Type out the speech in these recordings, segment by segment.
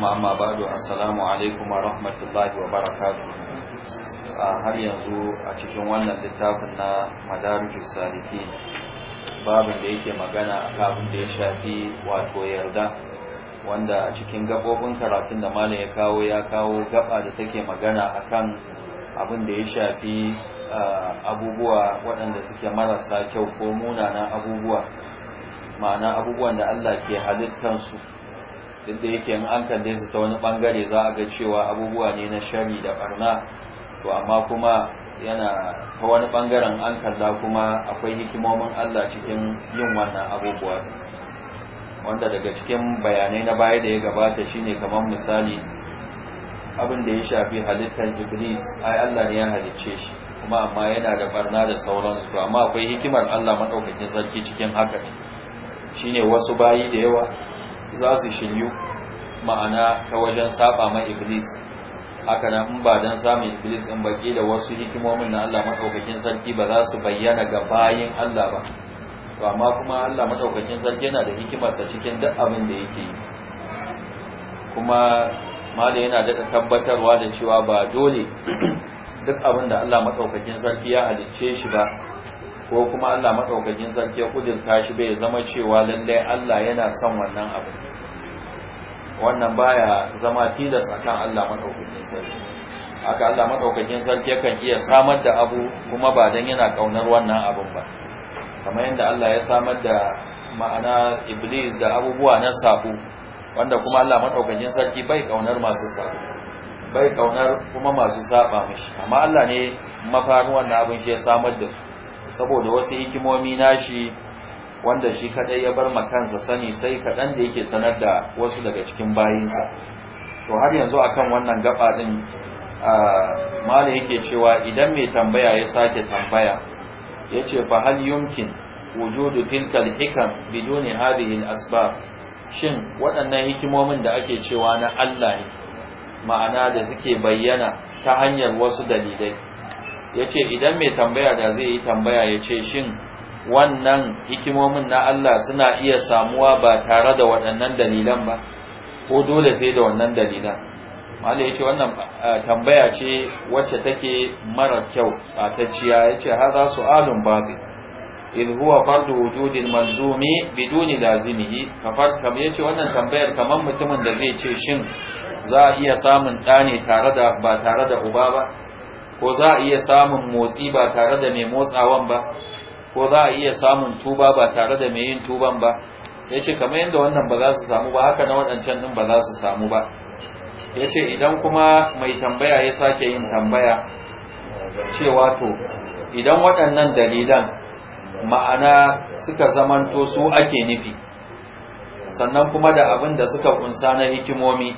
ثم assalamu alaikum wa wa wa الله a har yanzu a cikin wannan littafin na madarijus saliki babin da yake magana a kafin da ya shafi wato yarda wanda a cikin gabobin karatun da malam ya kawo ya kawo gaba da take magana a kan abin da ya shafi abubuwa waɗanda suke marasa kyau ko munana abubuwa ma'ana abubuwan da Allah ke halittansu duk da yake in an kalle su ta wani bangare za a ga cewa abubuwa ne na shari da barna to amma kuma yana ta wani bangaren an kalla kuma akwai hikimomin Allah cikin yin wannan abubuwa wanda daga cikin bayanai na baya da ya gabata shine kamar misali abin da ya shafi halittar iblis ai Allah ne ya halicce shi kuma amma yana da barna da sauransu to amma akwai hikimar Allah madaukakin sarki cikin haka shine wasu bayi da yawa za su shiryu ma'ana ta wajen saba ma iblis haka nan in ba dan samun iblis in baki da wasu hikimomin na Allah madaukakin sarki ba za su bayyana ga bayin Allah ba to amma kuma Allah madaukakin sarki yana da hikimar sa cikin duk abin da yake yi kuma malai yana da tabbatarwa da cewa ba dole duk abin da Allah madaukakin sarki ya halicce shi ba ko kuma Allah madaukakin sarki ya kudirta shi bai zama cewa lallai Allah yana son wannan abu wannan baya zama tilas akan Allah madaukakin sarki haka Allah madaukakin sarki yakan iya samar da abu kuma ba dan yana kaunar wannan abun ba kamar yadda Allah ya samar da ma'ana iblis da abubuwa na sabo wanda kuma Allah madaukakin sarki bai kaunar masu sabo bai kaunar kuma masu saba mishi amma Allah ne mafarin wannan abin shi ya samar da su saboda wasu hikimomi nashi wanda shi kadai ya bar kansa sani sai kadan da yake sanar da wasu daga cikin bayinsa to har yanzu akan wannan gaba din malai yake cewa idan mai tambaya ya sake tambaya yace fa hal yumkin wujudu tilkal hikam biduni hadhihi al asbab shin waɗannan hikimomin da ake cewa na Allah ne ma'ana da suke bayyana ta hanyar wasu dalilai ya ce idan mai tambaya da zai yi tambaya ya ce shin wannan hikimomin na Allah suna iya samuwa ba tare da waɗannan dalilan ba ko dole sai da wannan dalilan malam ya ce wannan tambaya ce wacce take mara kyau a tacciya ya ce su su'alun babu in huwa fardu wujudin manzumi biduni lazimihi kafar kam ya ce wannan tambayar kamar mutumin da zai ce shin za a iya samun ɗa tare ba tare da uba ba ko za a iya samun motsi ba tare da mai motsawan ba ko za a iya samun tuba ba tare da mai yin tuban ba ya ce kamar yadda wannan ba za su samu ba haka na waɗancan ɗin ba za su samu ba ya ce idan kuma mai tambaya ya sake yin tambaya cewa to idan waɗannan dalilan ma'ana suka zamanto su ake nufi sannan kuma da abin da suka kunsa na hikimomi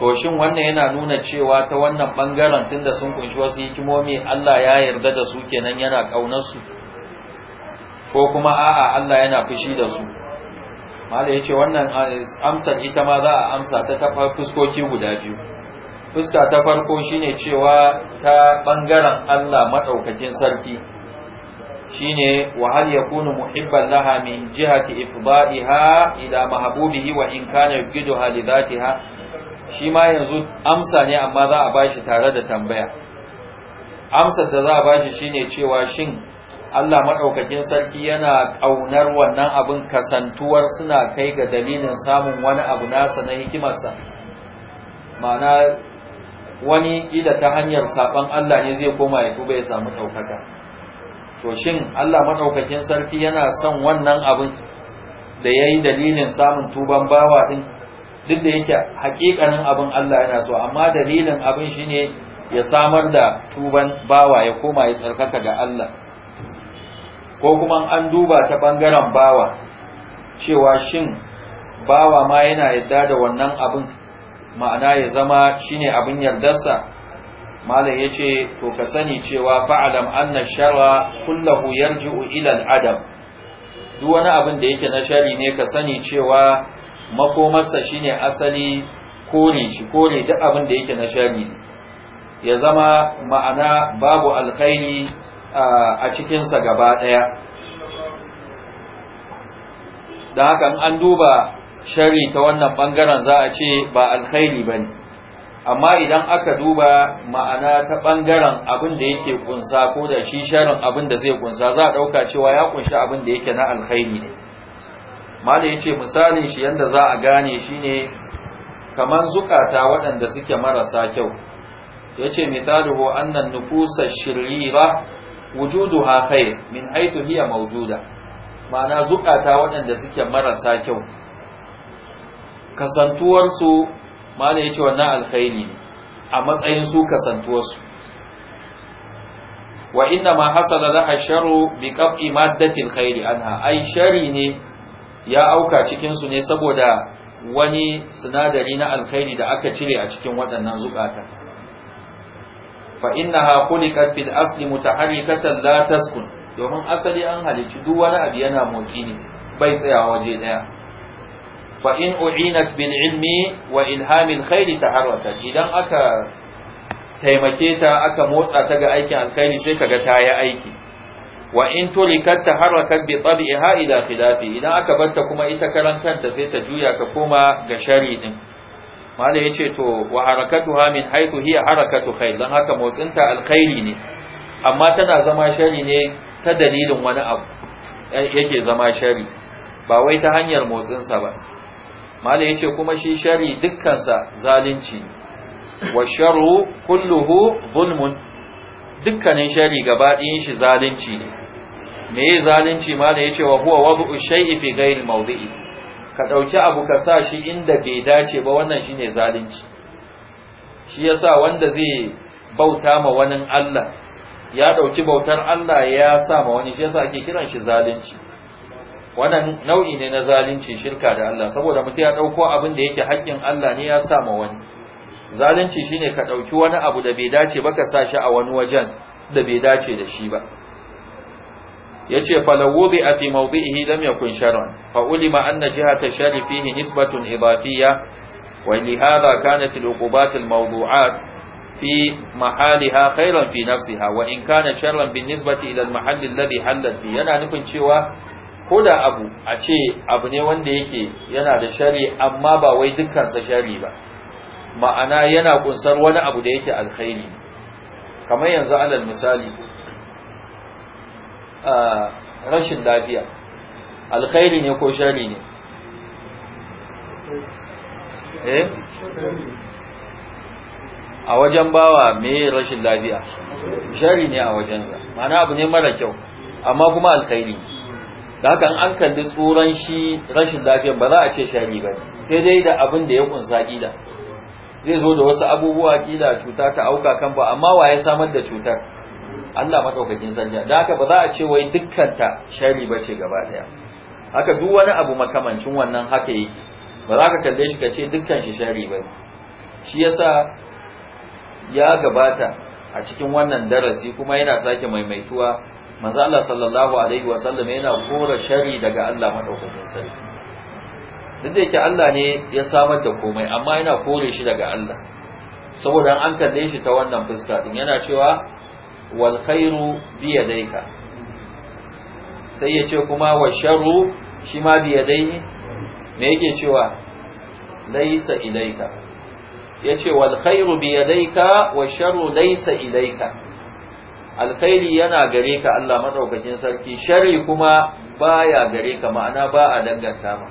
to shin wannan yana nuna cewa ta wannan bangaren tunda sun kunshi wasu hikimomi Allah ya yarda da su kenan yana kaunar su ko kuma a'a Allah yana fushi da su malai yace wannan amsar ita ma za a amsa ta ta fuskoki guda biyu fuska ta farko shine cewa ta bangaren Allah madaukakin sarki shine wa hal yakunu muhibban laha min jihati ifda'iha ila mahbubihi wa in kana yuqiduha li shi ma yanzu amsa ne amma za a bashi tare da tambaya amsar da za a bashi shine cewa shin Allah maɗaukakin sarki yana kaunar wannan abin kasantuwar suna kai ga dalilin samun wani abu nasa na hikimarsa ma'ana wani ƙila ta hanyar saban Allah ne zai koma ya tuba ya samu ɗaukaka to shin Allah maɗaukakin sarki yana son wannan abin da yayi dalilin samun tuban bawa ɗin duk da yake hakikanin abin Allah yana so amma dalilin abin shi ne ya samar da tuban bawa ya koma ya tsarkaka ga Allah ko kuma an duba ta bangaren bawa cewa shin bawa ma yana yadda da wannan abin ma'ana ya zama shi ne abin yardarsa malam ya ce to ka sani cewa fa'alam anna shara kullahu yarji'u ilal adam duk wani abin da yake na shari ne ka sani cewa makomarsa shine asali kone shi kore duk abin da yake na shari ya zama ma'ana babu alkhairi a cikinsa gaba ɗaya da haka an duba shari ta wannan ɓangaren za a ce ba alkhairi ba ne amma idan aka duba ma'ana ta ɓangaren abin da yake kunsa ko da shi sharin abin da zai kunsa za a ɗauka cewa ya kunshi abin da yake na alkhairi ne mala ya ce misalin shi yadda za a gane shi ne kamar zukata waɗanda suke marasa kyau ya ce mitaluhu annan nufusa shirira wujudu ha khair min haitu hiya maujuda. ma'ana zukata waɗanda suke marasa kyau kasantuwarsu mala ya ce wannan alkhairi ne a matsayin su kasantuwarsu wa inna ma hasala laha sharu bi qat'i maddatil khairi anha ai shari ne ya auka cikinsu ne saboda wani sinadari na alkhairi da aka cire a cikin waɗannan zukata fa innaha khuliqat fil asli mutaharrikatan la taskun domin asali an halici duk wani abu yana motsi ne bai tsaya waje ɗaya. fa in u'inat bil ilmi wa ilhamil khairi harwata idan aka taimake ta aka motsa ta ga aikin alkhairi sai kaga ta yi aiki wa in tulikat taharrakat bi tab'iha ila khilafi idan aka barta kuma ita karantanta sai ta juya ka koma ga shari din malai yace to wa harakatuha min haythu hiya harakatu kai, dan haka motsinta alkhairi ne amma tana zama shari ne ta dalilin wani abu eh, yake zama shari ba wai ta hanyar motsinsa ba malai yace kuma shi shari dukkansa zalunci wa sharu kulluhu zulmun dukkanin shari gaba ɗayan shi zalunci ne me yi zalunci ma da ya ce wa huwa wabu ushai fi ghairi mawdi'i ka ɗauki abu ka sa shi inda bai dace ba wannan shi ne zalunci shi ya sa wanda zai bauta ma wani Allah ya ɗauki bautar Allah ya sa ma wani shi ya sa ake kiran shi zalunci wannan nau'i ne na zalunci shirka da Allah saboda mutum ya ɗauko abin da yake haƙƙin Allah ne ya sa ma wani zalunci shine ka ɗauki wani abu da bai dace ba ka sa shi a wani wajen da bai dace da shi ba yace falawudi a fi mawdihi ya yakun shar'an fa ulima anna jihata shari fihi nisbatun idafiyya wa lihadha kanat al-uqubat fi mahaliha khairan fi nafsiha wa in kana sharon bin nisbati ila al-mahall alladhi yana nufin cewa ko da abu a ce abu ne wanda yake yana da shari amma ba wai dukkansa shari ba ma'ana yana kunsar wani abu da yake alkhairi kamar yanzu alal misali rashin lafiya alkhairi ne ko shari ne eh a wajen bawa me rashin lafiya shari ne a wajensa mana abu ne mara kyau amma kuma alkhairi da hakan an kalli tsoron shi rashin lafiya ba za a ce shari ba sai dai da abin da ya kunsa kila zai zo da wasu abubuwa kila cuta ta auka kan ba amma wa ya samar da cutar Allah madaukakin sarki da haka ba za a ce wai dukkan ta ba ce gaba daya haka duk wani abu makamancin wannan haka yake ba za ka kalle shi ka ce dukkan shi sharri ba shi yasa ya gabata a cikin wannan darasi kuma yana sake maimaituwa manzo Allah sallallahu alaihi wa sallam yana kora sharri daga Allah madaukakin sarki duk da yake Allah ne ya samar da komai amma yana kore shi daga Allah saboda an kalle shi ta wannan fuska din yana cewa wal khairu bi sai ya ce kuma wa sharru shi ma bi yadayhi me yake cewa laysa ilayka yace wal khairu bi yadayka wa sharru laysa ilayka alkhairi yana gare ka Allah madaukakin sarki sharri kuma baya gare ka ma'ana ba a danganta ma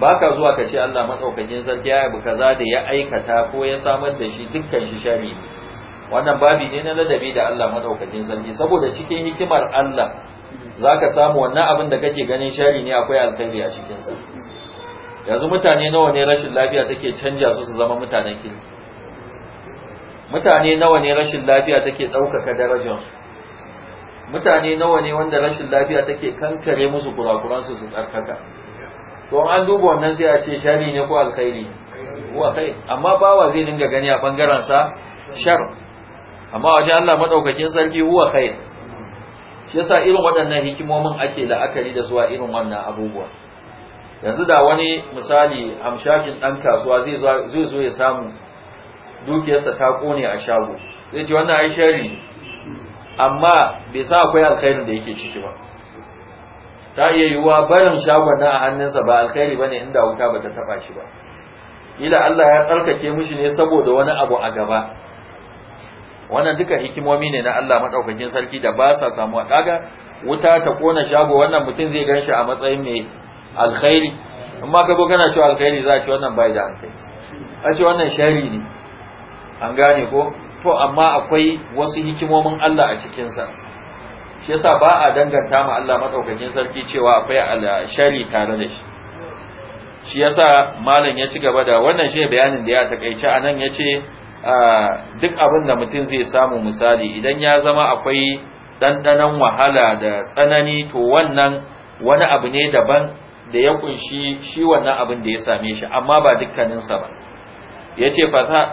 baka zuwa ka ce Allah madaukakin sarki ya yabi kaza da ya aikata ko ya samar da shi dukkan shi sharri wannan babi ne na ladabi da Allah madaukakin sarki saboda cikin hikimar Allah zaka samu wannan abin da kake ganin shari ne akwai alkhairi a cikin sa yanzu mutane nawa ne rashin lafiya take canja su su zama mutanen kirki mutane nawa ne rashin lafiya take daukaka darajar mutane nawa ne wanda rashin lafiya take kankare musu kurakuran su su tsarkaka to an duba wannan sai a ce shari ne ko alkhairi ko alkhairi amma bawa zai dinga gani a bangaren sa shar amma waje Allah madaukakin sarki huwa khair shi yasa irin waɗannan hikimomin ake la'akari da zuwa irin wannan abubuwa yanzu da wani misali amshakin dan kasuwa zai zo ya samu dukiyarsa ta kone a shago zai ce wannan ai shari amma bai sa akwai alkhairin da yake ciki ba ta iya yiwuwa barin shagon na a hannunsa ba alkhairi bane inda wuta bata taba shi ba ila Allah ya tsarkake mishi ne saboda wani abu a gaba wannan duka hikimomi ne na Allah madaukakin sarki da ba sa samuwa daga wuta ta kona shago wannan mutum zai ganshi a matsayin mai alkhairi amma kago kana cewa alkhairi za a ce wannan bai da alkhairi a ce wannan shari ne an gane ko to amma akwai wasu hikimomin Allah a cikin sa shi yasa ba a danganta ma Allah madaukakin sarki cewa akwai shari tare da shi shi yasa malam ya ci gaba da wannan shi bayanin da ya takaice anan yace duk abin da mutum zai samu misali idan ya zama akwai ɗanɗanon wahala da tsanani to wannan wani abu ne daban da ya kunshi shi wannan abin da ya same shi amma ba dukkaninsa ba ya ce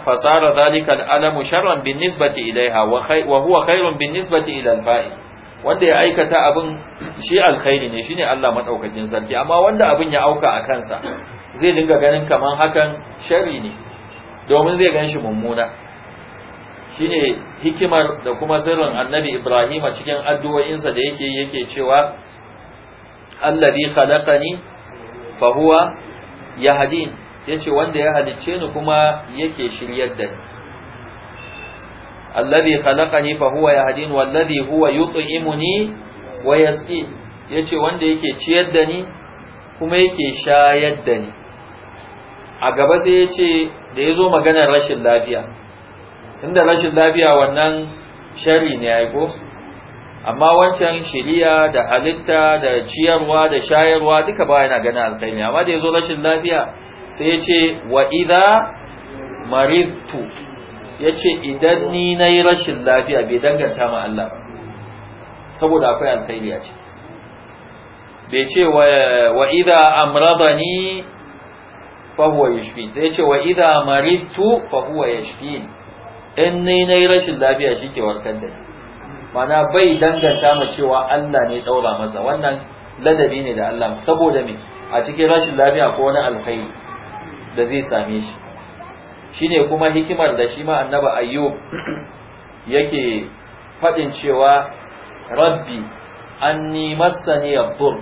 fasara zalikal alamu sharran bin nisbati ilaiha wa huwa khairun bin nisbati ilal fa'i wanda ya aikata abin shi alkhairi ne shine Allah madaukakin sarki amma wanda abin ya auka a kansa zai dinga ganin kaman hakan sharri ne domin zai ganshi mummuna shine hikimar da kuma sirrin annabi Ibrahim a cikin addu'o'insa da yake yake cewa allazi khalaqani fa huwa ya ce wanda ya halicce ni kuma yake shiryar da ni allazi khalaqani fa huwa yahdin wallazi huwa yut'imuni wa Ya ce wanda yake ciyar da ni kuma yake shayar da ni a gaba sai ya ce da ya zo maganar rashin lafiya inda rashin lafiya wannan shari ne ya ko amma wancan shiriya da halitta da ciyarwa da shayarwa duka ba yana ganin alkhairi amma da ya zo rashin lafiya sai ya ce wa idha ya ce idan ni na yi rashin lafiya bai danganta ma Allah saboda akwai alkhairi ya ce bai ce wa idha amradani fa huwa yushfin sai yace wa idza maridtu fa huwa yashfin in ni nayi rashin lafiya ke warkar da ni mana bai danganta ma cewa Allah ne daura masa wannan ladabi ne da Allah saboda me a cikin rashin lafiya ko wani alkhairi da zai same shi shine kuma hikimar da shi ma annabi ayyub yake faɗin cewa rabbi anni massani yadur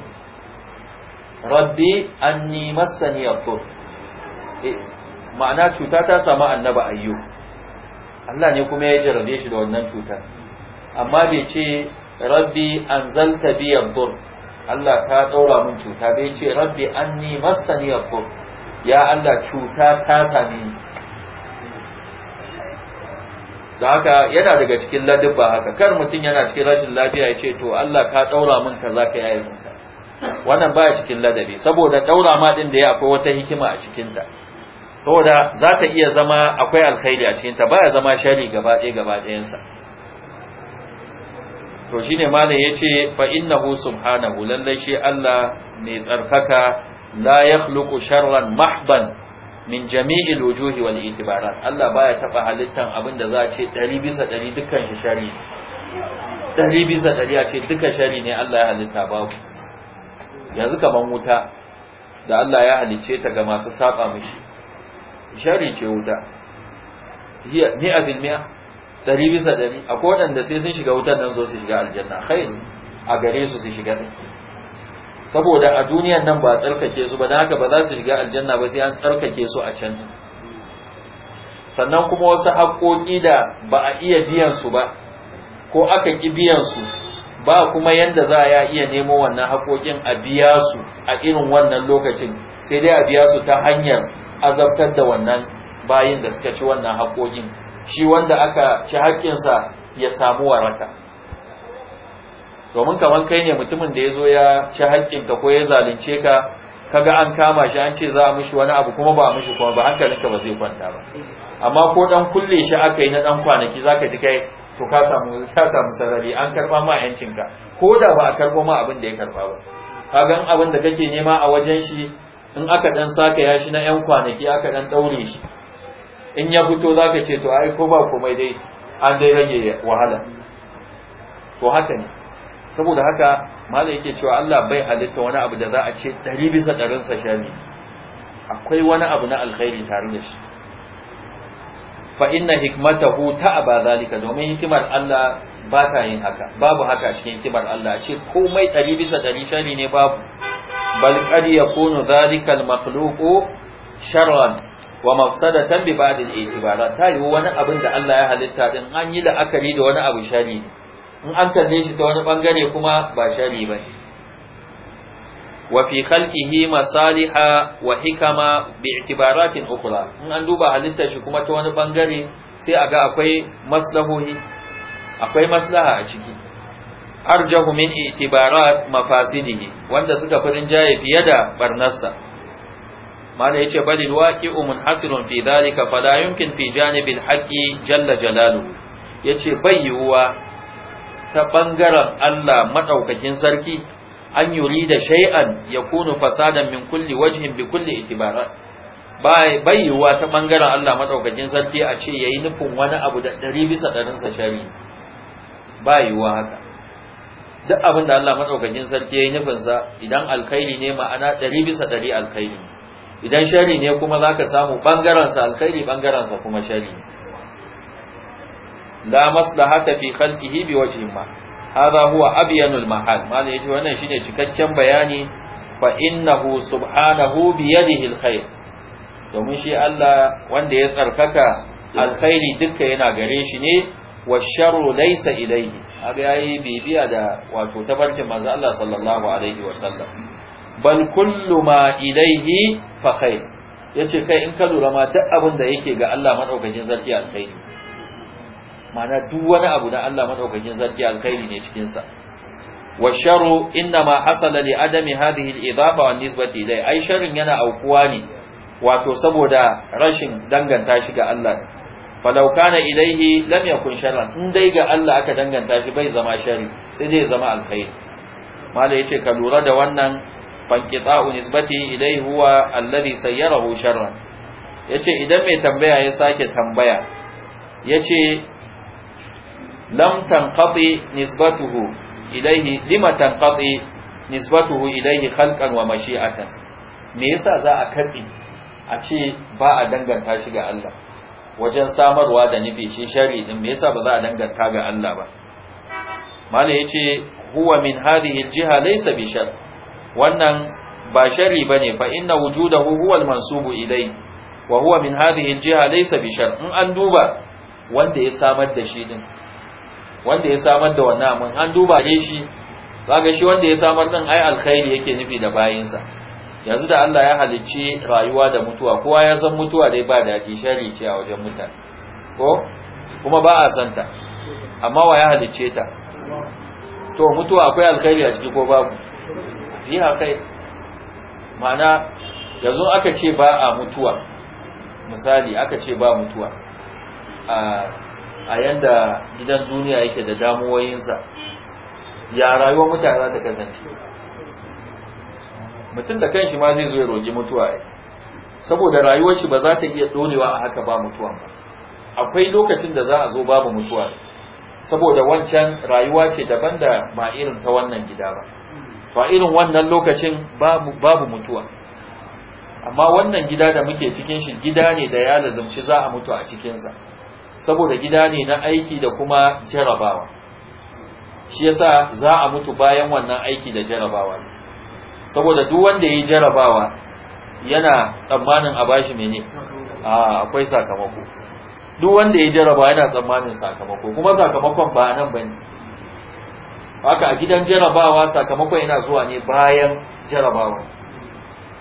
rabbi anni massani yadur Eh, ma'ana cuta ta samu annaba ayyu Allah ne kuma ya jarabe shi da wannan cutar amma bai ce rabbi anzalta bi yadur Allah ta daura mun cuta bai ce rabbi anni massani yadur ya Allah cuta ta same ni da haka yana daga cikin ladubba haka kar mutum yana cikin rashin lafiya ya ce to Allah ka daura mun kaza ka yayi wannan baya cikin ladabi saboda daura ma din da ya akwai wata hikima a cikin ta saboda za ta iya zama akwai alkhairi a cikinta ya zama shari gaba ɗaya gaba ɗayansa to shine malam yace fa innahu subhanahu lallai shi Allah mai tsarkaka la yakhluqu sharran mahban min jami'il wujuhi wal itibarat Allah baya taba halittan abin da za a ce 100 bisa 100 dukkan shi shari dari bisa dari a ce dukkan shari ne Allah ya halitta babu yanzu kaman wuta da Allah ya halice ta ga masu saba mishi shari ce wuta mi'a bil mi'a ɗari bisa ɗari akwai waɗanda sai sun shiga wutar nan zo su shiga aljanna khair a gare su su shiga ne saboda a duniyan nan ba a tsarkake su ba dan haka ba za su shiga aljanna ba sai an tsarkake su a can sannan kuma wasu haƙoƙi da ba a iya biyan su ba ko aka ki biyan su ba kuma yanda za a iya nemo wannan haƙoƙin a biya su a irin wannan lokacin sai dai a biya su ta hanyar azabtar da wannan bayin da suka ci wannan haƙoƙin shi wanda aka ci haƙƙinsa ya samu waraka domin kamar kai ne mutumin da ya zo ya ci ka, ko ya zalunce ka kaga an kama shi an ce za a mishi wani abu kuma ba a mishi kuma ba hankalinka ba zai kwanta ba amma ko dan kulle shi aka yi na dan kwanaki zaka ji kai to ka samu ka samu sarari an karba ma yancinka ko da ba a karɓo ma abin da ya karba ba kaga abin da kake nema a wajen shi in aka dan saka ya shi na yan kwanaki aka ɗan ɗaure shi in ya fito zaka ce to ai ko ba komai dai an dai rage wahala to haka ne saboda haka malai yake cewa Allah bai halitta wani abu da za a ce ɗari bisa ɗarinsa sa akwai wani abu na alkhairi tare da shi fa inna hikmatahu aba zalika domin hikimar Allah ba ta yin haka babu haka cikin hikimar Allah a ce komai ɗari bisa ɗari shani ne babu bal qad yakunu dhalika al-makhluqu wa mafsadatan bi ba'd al-i'tibarat ta yi wani abin da Allah ya halitta din an yi la'akari da wani abu shari in an kalle shi ta wani bangare kuma ba shari ba wa fi khalqihi masaliha wa hikama bi i'tibaratin ukhra in an duba halittar shi kuma ta wani bangare sai aga akwai maslahohi akwai maslaha a ciki arjahu min itibarat mafasidihi wanda suka fi rinjaye fiye da barnarsa mana yace balil waqi'u munhasirun fi dhalika fala yumkin fi janibil haqqi jalla jalaluhu yace bai yiwuwa ta bangaren Allah madaukakin sarki an yuri da shay'an yakunu fasadan min kulli wajhin bi kulli itibarat bai yiwuwa ta bangaren Allah madaukakin sarki a ce yayi nufin wani abu da 100 bisa 100 sa shari ba yiwuwa haka duk abin da Allah madaukakin sarki ya yi nufinsa idan alkhairi ne ma'ana ɗari bisa ɗari alkhairi idan shari ne kuma zaka samu ɓangarensa alkhairi ɓangarensa kuma shari. la maslahata fi khalqihi bi wajhin ma hadha huwa abyanul mahal mana yace wannan shine cikakken bayani fa innahu subhanahu bi yadihi alkhair domin shi Allah wanda ya tsarkaka alkhairi dukka yana gare shi ne washaru laisa ilayhi aga yayi bibiya da wato tabarkin manzo Allah sallallahu alaihi wasallam bal kullu ma ilayhi fa khair yace kai in ka lura ma duk abin da yake ga Allah madaukakin zarki alkhairi ma'ana duk wani abu da Allah madaukakin zarki alkhairi ne cikin sa washaru inna ma hasala li adami hadhihi al-idafa wan nisbati ai sharrin yana aukuwa ne wato saboda rashin danganta shi ga Allah falau kana ilaihi lam yakun sharran in dai ga Allah aka danganta shi bai zama shari sai dai zama alkhair Malam yace ka lura da wannan fanqita'u nisbati ilaihi huwa alladhi sayyarahu sharran yace idan mai tambaya ya sake tambaya yace lam tanqati nisbatuhu ilaihi lima tanqati nisbatuhu ilaihi khalqan wa mashi'atan me yasa za a katse a ce ba a danganta shi ga Allah wajen samarwa da nufi shi shari din me yasa ba za a danganta ga Allah ba malai yace huwa min hadhihi aljiha laysa bi shar wannan ba shari bane fa inna wujudahu huwa almansubu ilay wa huwa min hadhihi aljiha laysa bi shar in an duba wanda ya samar da shi din wanda ya samar da wannan an duba ne shi zaga shi wanda ya samar din ai alkhairi yake nufi da bayinsa yanzu da Allah ya halicci rayuwa da mutuwa kowa ya san mutuwa dai ba ke shari ce a wajen mutane ko kuma ba a san ta amma wa ya halicce ta to mutuwa akwai alkhairi a ciki ko babu fi kai ma'ana yanzu aka ce ba a mutuwa misali aka ce ba mutuwa a yanda gidan duniya yake da damuwoyinsa ya rayuwar mutane za ta kasance mutum da kanshi ma zai zo ya roƙi mutuwa ai saboda rayuwar shi ba za ta iya dorewa a haka ba mutuwa ba akwai lokacin da za a zo babu mutuwa saboda wancan rayuwa ce daban da ba irin ta wannan gida ba ba irin wannan lokacin babu babu mutuwa amma wannan gida da muke cikin shi gida ne da ya lazumci za a mutu a cikinsa saboda gida ne na aiki da kuma jarabawa shi yasa za a mutu bayan wannan aiki da jarabawa ne saboda duk wanda ya yi jarabawa yana tsammanin a bashi mene a akwai sakamako duk wanda ya jarabawa yana tsammanin sakamako kuma sakamakon ba nan bane haka a gidan jarabawa sakamakon yana zuwa ne bayan jarabawa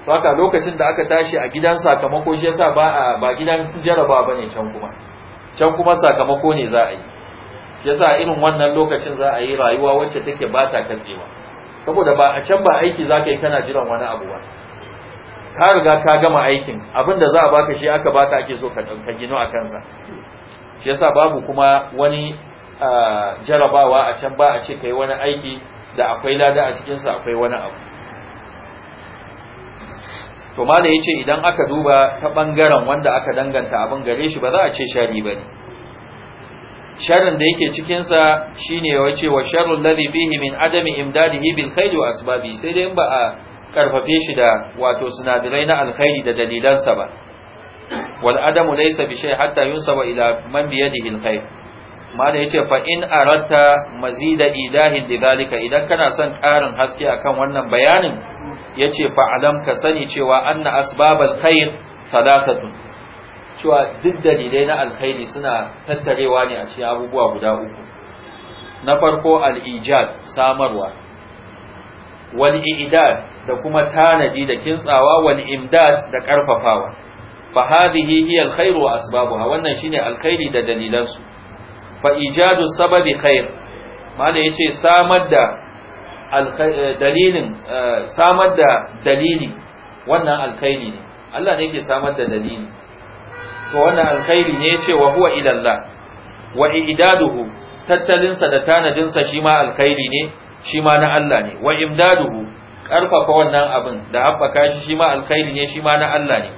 saka lokacin da aka tashi a gidan sakamako shi yasa ba ba gidan jarabawa bane can kuma can kuma sakamako ne za a yi yasa irin wannan lokacin za a yi rayuwa wacce take ba ta katsewa saboda ba a can ba aiki za ka yi kana jiran wani abu ba ka riga ka gama aikin abin da za a baka shi aka baka ake so ka gino a kansa shi yasa babu kuma wani jarabawa a can ba a ce kai wani aiki da akwai lada a cikinsa akwai wani abu to ma da ya ce idan aka duba ta ɓangaren wanda aka danganta abin gare shi ba za a ce shari ba ne sharin da yake cikinsa shine wace wa sharrul ladhi min adami imdadihi bil khairi wa asbabi sai dai in ba a karfafe shi da wato sinadirai na alkhairi da dalilansa ba wal adamu laysa bi shay hatta yunsaba ila man bi yadihi al khair yace fa in aratta mazida ilahin lidhalika idan kana son karin haske akan wannan bayanin yace fa alam ka sani cewa anna asbabal khair thalathatun cewa duk dalilai na alkhairi suna tattarewa ne a cikin abubuwa guda uku na farko al-ijad samarwa wal i'dad da kuma tanadi da kintsawa wal imdad da karfafawa fa hadhihi hiya al-khair wa asbabuha wannan shine alkhairi da dalilan su fa ijadu sababi khair mala yace samar da eh, dalilin eh, samar da dalili wannan alkhairi ne Allah ne yake samar da dalili to wannan alkhairi ne yace wa huwa ila wa i'daduhu tattalin da tanadinsa sa shi ma alkhairi ne shi ma na Allah ne wa imdaduhu karfafa wannan abin da haɓaka shi shi ma alkhairi ne shi ma na Allah ne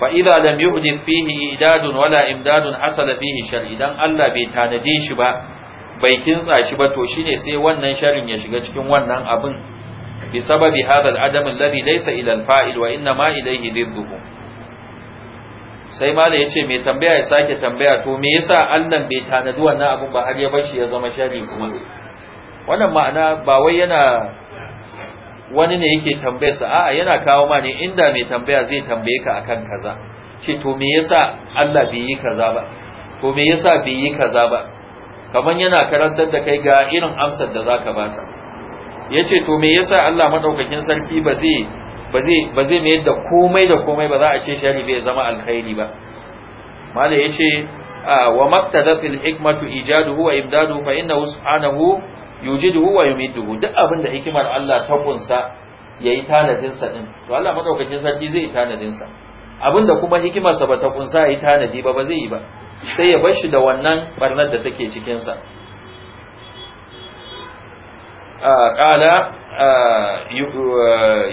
fa idza lam fihi idadun wala imdadun hasala fihi shar idan Allah bai tanade shi ba bai kintsa shi ba to shine sai wannan sharin ya shiga cikin wannan abin bi sababi hadha al-adam alladhi laysa ila al-fa'il wa inna ma ilayhi dhidduhu sai ma da ya ce mai tambaya ya sake tambaya to me yasa Allah bai tanadi wannan abun ba har ya bar shi ya zama shari kuma wannan ma'ana ba wai yana wani ne yake tambayar sa a'a yana kawo ma ne inda mai tambaya zai tambaye ka akan kaza ce to me yasa Allah bai yi kaza ba to me yasa bai yi kaza ba kaman yana karantar da kai ga irin amsar da zaka ba sa yace to me yasa Allah madaukakin sarki ba zai ba zai mayar da komai da komai ba za a ce shari bai zama alkhairi ba mala ya ce wa maktada fil hikmatu ijaduhu wa ibdaduhu fa innahu subhanahu yujiduhu wa yumidduhu duk abinda da hikimar Allah ta kunsa yayi tanadin sa din to Allah madaukakin sarki zai tanadin sa abin da kuma hikimarsa ba ta kunsa yi tanadi ba ba zai yi ba sai ya bar shi da wannan barnar da take cikin sa قال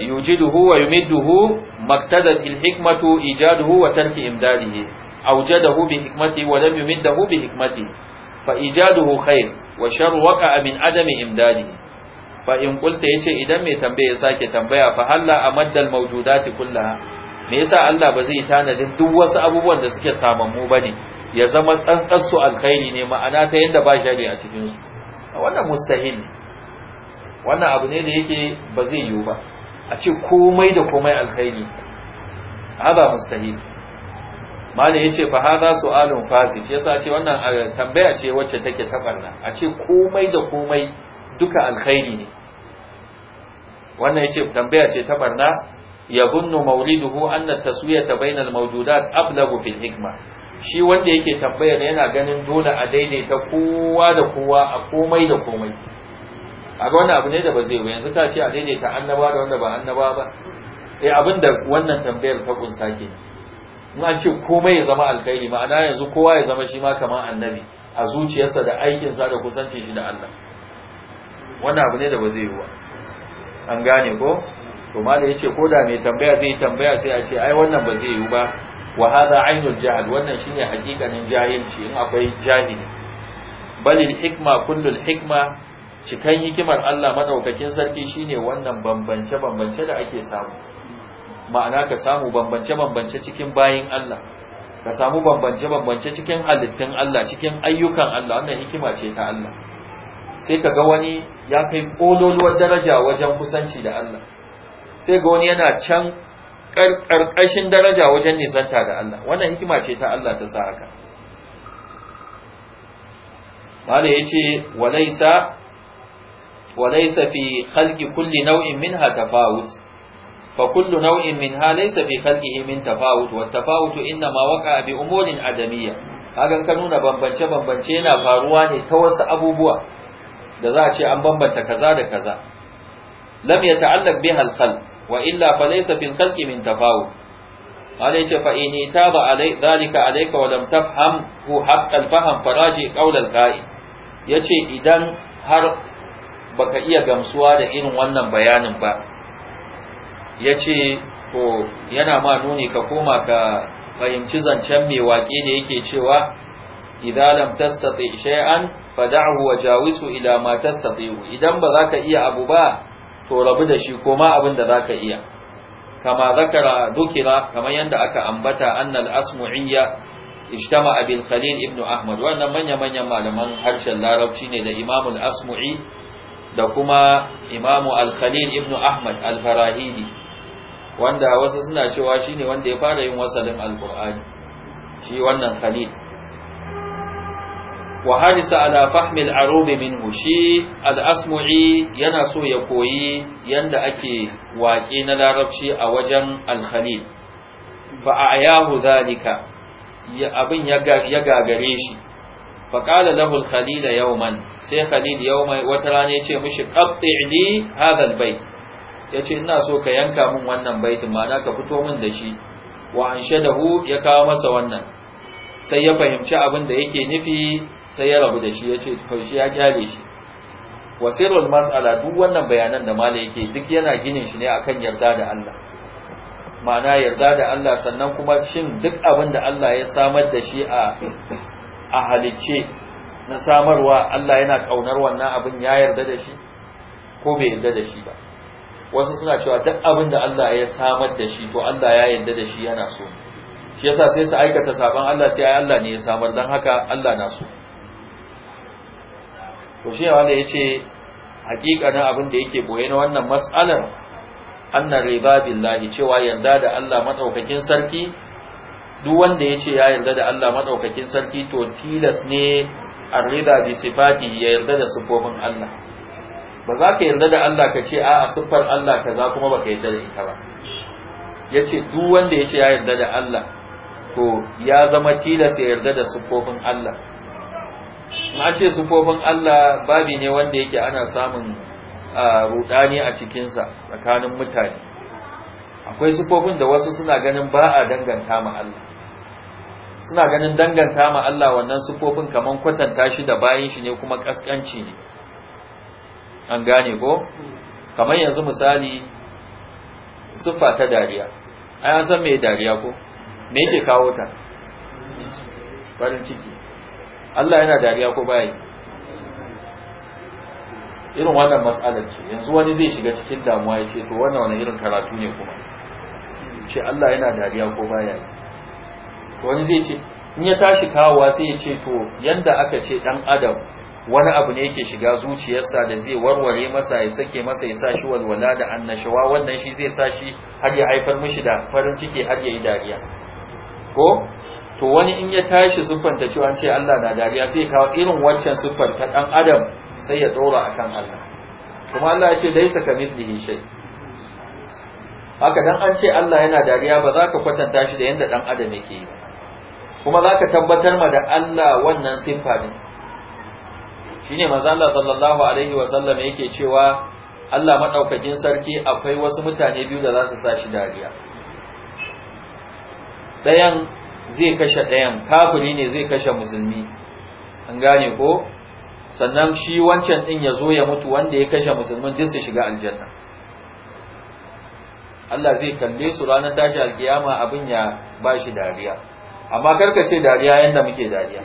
يوجده ويمده ما اقتدت الحكمة إيجاده وترك إمداده أوجده بحكمته ولم يمده بحكمته فإيجاده خير وشر وقع من عدم إمداده فإن قلت يشي إذا مي تنبيه ساكي تنبيه فهلا أمد الموجودات كلها me yasa Allah ba zai tanadin duk wasu abubuwan da suke samammu bane ya zama tsantsar su alkhairi ne ma'ana ta yanda ba shari a cikin su wannan mustahil ne wannan abu ne da yake ba zai yiwu ba a ce komai da komai alkhairi hada mustahil malai yace fa hada su'alun fasid yasa ce wannan tambaya ce wacce take tabarna a ce komai da komai duka alkhairi ne wannan yace tambaya ce tabarna yabunnu mawliduhu anna taswiyata bainal mawjudat ablagu fil hikma shi wanda yake tabbayar yana ganin dole a daidaita kowa da kowa a komai da komai a wani abu ne da ba zai ba yanzu ta ce a daidaita annaba da wanda ba annaba ba eh abin wannan tambayar ta kunsa ke in an ce komai ya zama alkhairi ma'ana yanzu kowa ya zama shi ma kamar annabi a zuciyarsa da aikinsa da kusancin shi da Allah wannan abu ne da ba zai yi ba an gane ko to da yace ko da mai tambaya zai tambaya sai a ce ai wannan ba zai yi ba wa hada ainul jahal wannan shine hakikanin jahilci in akwai jahili balil hikma kullul hikma cikan hikimar Allah madaukakin sarki shine wannan bambance bambance da ake samu ma'ana ka samu bambance bambance cikin bayin Allah ka samu bambance bambance cikin halittun Allah cikin ayyukan Allah wannan hikima ce ta Allah sai ka ga wani ya kai kololuwar daraja wajen kusanci da Allah sai ga wani yana can ƙarƙashin daraja wajen nisanta da Allah wannan hikima ce ta Allah ta sa haka Mala ya ce, Walaisa وليس في خلق كل نوع منها تفاوت فكل نوع منها ليس في خلقه من تفاوت والتفاوت إنما وقع بأمور عدمية ka nuna bambance-bambance yana faruwa ne ta wasu abubuwa da za a ce an bambanta kaza da kaza lam ya ta'allaq biha al-khalq wa illa fa laysa fil khalqi min tafawut alai ce fa in taba alai zalika alayka wa lam tafham hu haqq al-fahm faraji idan har baka iya gamsuwa da irin wannan bayanin ba ya ce to yana ma nuni ka koma ka fahimci zancen mai waƙe ne yake cewa idan lam tastati shay'an wa jawisu ila ma idan ba za ka iya abu ba to rabu da shi koma abin da za ka iya kama zakara dukira kamar yadda aka ambata annal asmu'iyya ijtama bil khalil ibnu ahmad wannan manya manyan malaman harshen larabci ne da imamul asmu'i da kuma imamu Alkhalil ibnu ahmad al-farahidi wanda wasu suna cewa shine wanda ya fara yin wasalin al-qur'ani shi wannan khalil wa harisa ala fahmil al-arubi minhu shi al-asmu'i yana so ya koyi yanda ake waƙe na larabci a wajen al-khalil fa ayahu zalika abin ya gagare shi faƙala lahul khalila man, sai khalil yawman wata rana ya ce mishi ƙabɗi li hadal bait ya ce ina so ka yanka min wannan baitin ma'ana ka fito min da shi wa an shadahu ya kawo masa wannan sai ya fahimci abin da yake nufi sai ya rabu da shi ya ce shi ya kyale shi wasirul mas'ala duk wannan bayanan da mala yake duk yana ginin shi ne akan yarda da Allah ma'ana yarda da Allah sannan kuma shin duk abin da Allah ya samar da shi a a halice na samarwa Allah yana kaunar wannan abin ya yarda da shi ko bai yarda da shi ba wasu suna cewa duk abin da Allah ya samar da shi to Allah ya yarda da shi yana so shi yasa sai su aikata saban Allah sai Allah ne ya samar dan haka Allah na so to shi wanda yace hakikanin abin da yake boye na wannan matsalar annar riba billahi cewa yarda da Allah madaukakin sarki duk wanda ya ce ya yarda da Allah maɗaukakin sarki to tilas ne rida bi sifati ya yarda da sifofin Allah ba za ka yarda da Allah ka ce a'a siffar Allah ka za kuma baka yarda da ita ba ce duk wanda ya ce ya yarda da Allah to ya zama tilas ya yarda da siffofin Allah ma ce siffofin Allah babi ne wanda yake ana samun rudani a cikinsa tsakanin mutane akwai siffofin da wasu suna ganin ba a danganta ma Allah suna ganin danganta ma Allah wannan sufofin kaman kwatanta shi da bayin shi ne kuma kaskanci ne an gane ko kamar yanzu misali siffa ta dariya ai an san me dariya ko me yake kawo ta farin ciki Allah yana dariya ko bayi irin wannan matsalar ce yanzu wani zai shiga cikin damuwa ya ce to wannan wani irin karatu ne kuma ce Allah yana dariya ko baya yi wani zai ce in ya tashi kawowa sai ya ce to yanda aka ce dan adam wani abu ne yake shiga zuciyarsa da zai warware masa ya sake masa ya sa shi walwala da annashawa wannan shi zai sa shi har ya haifar mishi da farin ciki har ya yi dariya ko to wani in ya tashi siffar ce an ce Allah na dariya sai ya kawo irin waccan siffar ta dan adam sai ya tsora akan Allah kuma Allah ya ce laisa mithlihi shay haka dan an ce Allah yana dariya ba za ka kwatanta shi da yanda dan adam yake yi ba kuma za ka tabbatar ma da Allah wannan siffa ne shi ne mazala sallallahu alaihi wasallam yake cewa Allah maɗaukakin sarki akwai wasu mutane biyu da za su sa shi dariya ɗayan zai kashe ɗayan kafiri ne zai kashe musulmi an gane ko sannan shi wancan ɗin ya zo ya mutu wanda ya kashe musulmin duk su shiga aljanna Allah zai kalle su ranar tashi alkiyama abin ya ba shi dariya amma karka ce dariya yadda muke dariya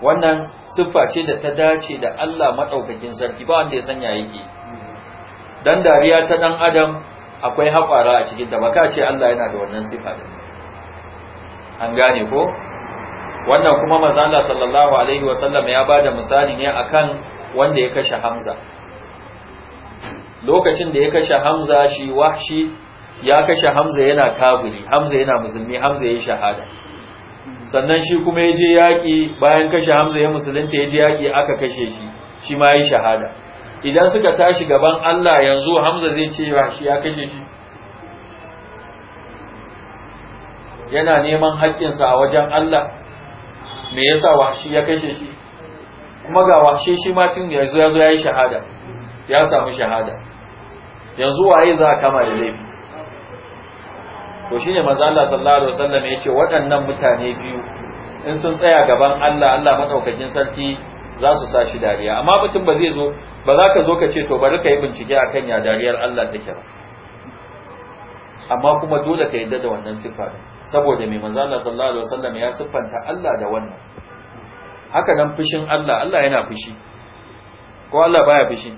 wannan siffa ce da ta dace da Allah maɗaukakin sarki ba wanda ya sanya yake dan dariya ta ɗan adam akwai haƙwara a cikin ta ba ka ce Allah yana da wannan siffa din an gane ko wannan kuma manzo Allah sallallahu alaihi wasallam ya bada misali ne akan wanda ya kashe Hamza lokacin da ya kashe Hamza shi wahshi ya kashe Hamza yana kabiri Hamza yana musulmi Hamza yayin shahada sannan shi kuma ya je yaƙi bayan kashe hamza ya musulunta ya je yaƙi aka kashe shi shi ma ya yi shahada idan suka tashi gaban Allah yanzu hamza zai ce shi ya kashe shi yana neman haƙƙinsa a wajen Allah me yasa washi ya kashe shi kuma ga washe shi ma tun yanzu ya zo ya yi shahada ya samu shahada yanzu waye za a kama da laifi to shine manzo Allah sallallahu alaihi wasallam yace waɗannan mutane biyu in sun tsaya gaban Allah Allah madaukakin sarki za su sa shi dariya amma mutum ba zai zo ba za ka zo ka ce to bari ka yi bincike akan ya dariyar Allah take ba amma kuma dole ka yadda da wannan siffa saboda mai manzo Allah sallallahu alaihi wasallam ya siffanta Allah da wannan haka nan fushin Allah Allah yana fushi ko Allah baya fushi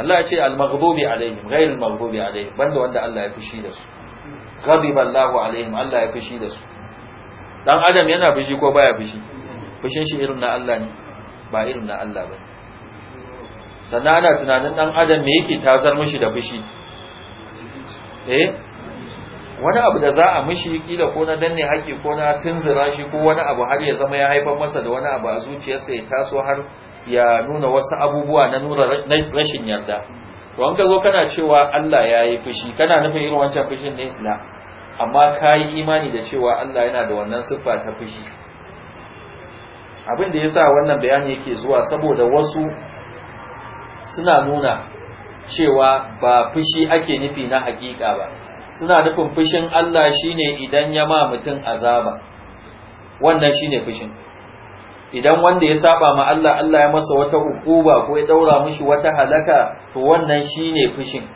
Allah ya ce al-maghdubi alaihim al maghdubi alaihim banda wanda Allah ya fushi da su ghadiba Allahu alaihim Allah ya fushi da su dan adam yana fushi ko baya fushi fushin shi irin na Allah ne ba irin na Allah bane sannan ana tunanin dan adam me yake tazar mishi da fushi eh wani abu da za a mishi kila ko na danne haƙi ko na tunzura shi ko wani abu har ya zama ya haifar masa da wani abu a zuciyarsa ya taso har ya nuna wasu abubuwa na nura rashin yarda to an kana cewa Allah ya yi fushi kana nufin irin wancan fushin ne na amma ka yi imani da cewa Allah yana da wannan siffa ta fushi abin da ya sa wannan bayani yake zuwa saboda wasu suna nuna cewa ba fushi ake nufi na hakika ba suna nufin fushin Allah shine idan ya ma mutum azaba wannan shine fushin idan wanda ya saba ma Allah Allah ya masa wata ukuba ko ya daura mishi wata halaka to wannan shine fushin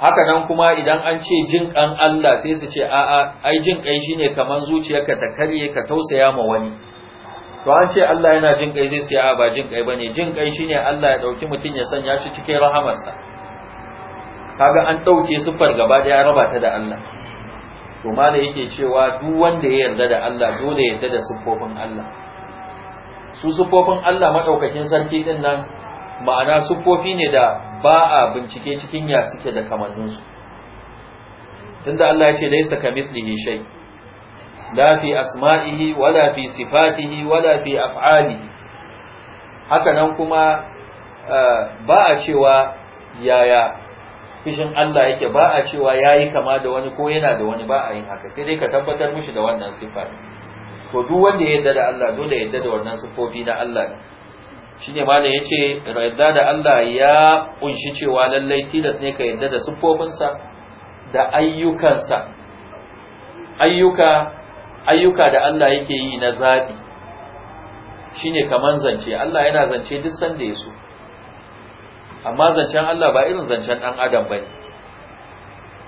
haka nan kuma idan an ce jin kan Allah sai su ce a'a ai jin kai shine kaman zuciyarka ta karye ka tausaya ma wani to an ce Allah yana jin kai zai sai a ba jin kai bane jin kai shine Allah ya dauki mutun ya sanya shi cikin rahamarsa kaga an dauke siffar gaba daya raba ta da Allah to mala yake cewa duk wanda ya yarda da Allah dole ya yarda da siffofin Allah su siffofin Allah madaukakin sarki din nan ma'ana siffofi ne da ba a bincike cikin ya suke da su tunda Allah ya ce laysa kamithlihi shay la fi asma'ihi wala fi sifatihi wala fi af'ali haka nan kuma eh, ba a cewa yaya fishin Allah yake ba a cewa ya yi kama da wani ko yana da wani ba a yin haka sai dai ka tabbatar mishi da wannan siffa to duk wanda ya yadda da Allah dole ya yadda da wannan siffofi na Allah shi shine malam ce, yarda da Allah ya kunshi cewa lallai tilas ne ka yadda da siffofinsa da ayyukansa ayyuka ayyuka da Allah yake yi na zabi ne kamar zance Allah yana zance duk sanda ya so amma zancen Allah ba irin zancen ɗan adam ba ne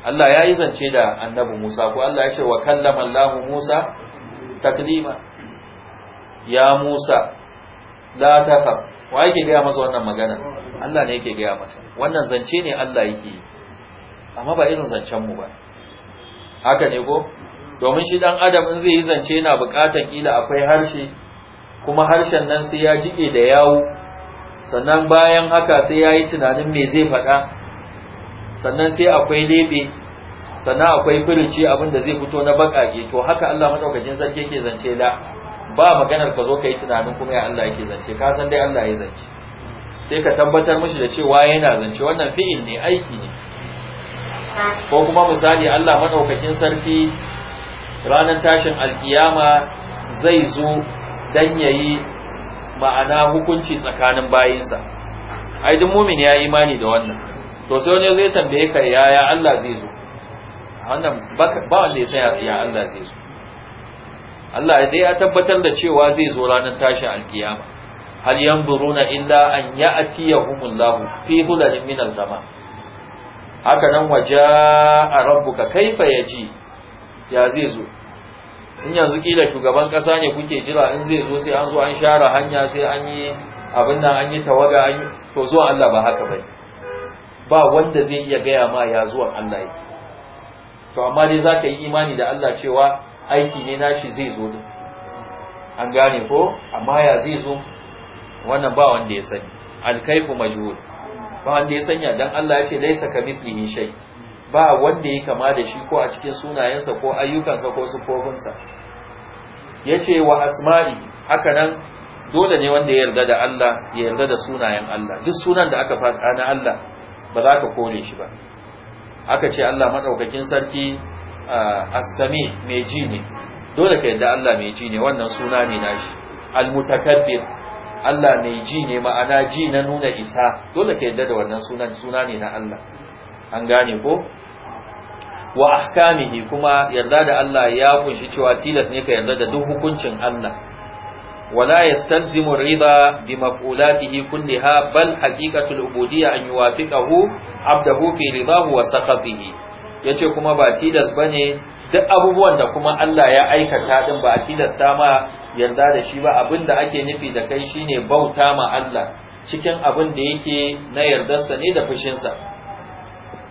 Allah ya yi zance da annabi Musa ko Allah ya ce wa kallama Allah Musa taklima ya Musa la takab wa yake gaya masa wannan magana Allah ne yake gaya masa wannan zance ne Allah yake yi amma ba irin zancen mu ba haka ne ko domin shi dan adam in zai yi zance yana buƙatar kila akwai harshe kuma harshen nan sai ya jike da yawo sannan bayan haka sai ya yi tunanin me zai faɗa sannan sai akwai lebe sannan akwai firici abinda zai fito na baƙaƙe to haka Allah maɗaukakin sarki yake zance la ba maganar ka zo ka yi tunanin kuma ya Allah yake zance ka san dai Allah ya zance sai ka tabbatar mishi da cewa yana zance wannan fi'il ne aiki ne ko kuma misali Allah maɗaukakin sarki ranar tashin alkiyama zai zo dan yayi ma'ana hukunci tsakanin bayinsa ai duk mumin ya imani da wannan to sai wani zai tambaye ka ya Allah zai zo wannan ba wanda ya san ya Allah zai zo Allah dai ya tabbatar da cewa zai zo ranar tashi alkiyama hal yanzuruna illa an ya'tiyahumullahu fi hulalin min al-zaman haka nan waja a rabbuka kaifa yaji ya zai zo in yanzu kila shugaban kasa ne kuke jira in zai zo sai an zo an share hanya sai an yi abin nan an yi tawaga an yi to zuwan Allah ba haka bane ba wanda zai iya gaya ma ya zuwan Allah yake to amma dai zaka yi imani da Allah cewa aiki ne nashi zai zo din an gane ko amma ya zai zo wannan ba wanda ya sani alkaifu majhul ba wanda ya sanya dan Allah ya ce laisa kamithlihi shay' ba wanda ya kama da shi ko a cikin sunayensa ko ayyukansa ko sufofinsa Ya ce wa asma'i haka nan dole ne wanda ya yarda da Allah ya yarda da sunayen Allah duk sunan da aka faɗa na Allah ba za ka kore shi ba aka ce Allah madaukakin sarki as-sami mai ji ne dole ka yarda Allah mai ji ne wannan suna ne nashi al-mutakabbir Allah mai ji ne ma'ana ji na nuna isa dole ka yarda da wannan sunan suna ne na Allah an gane ko wa ahkamihi kuma yarda da Allah ya kunshi cewa tilas ne ka yarda da duk hukuncin Allah wala yastalzimu rida bi maf'ulatihi kulliha bal haqiqatu al-ubudiyya an yuwafiqahu 'abduhu fi ridahu wa sakhatihi yace kuma ba tilas bane duk abubuwan da kuma Allah ya aikata din ba a tilasta ma yarda da shi ba abinda ake nufi da kai shine bauta ma Allah cikin abin da yake na yardarsa ne da fushinsa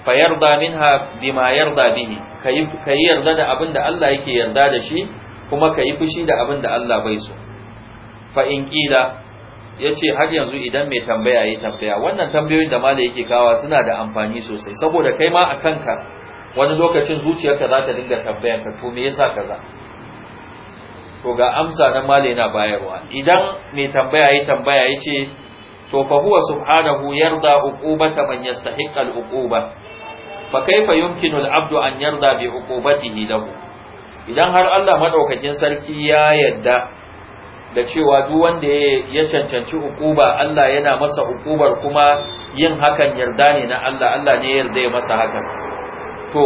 fa yarda minha bima yarda bihi kai kai yarda da abin da Allah yake yarda da shi kuma kai fushi da abin da Allah bai so fa in qila yace har yanzu idan mai tambaya yayi tambaya wannan tambayoyin da malai yake kawa suna da amfani sosai saboda kai ma a ka, wani lokacin zuciyarka za ta dinga tambayan ka to me yasa kaza to ga amsa na malai na bayarwa idan mai tambaya yayi tambaya yace to fa huwa subhanahu yarda uqubata man yastahiqqa al-uquba fa kaifa yumkinu al-abdu an yarda bi uqubatihi lahu idan har Allah madaukakin sarki ya yadda da cewa duk wanda ya cancanci uquba Allah yana masa uqubar kuma yin hakan yarda ne na Allah Allah ne yarda ya masa hakan to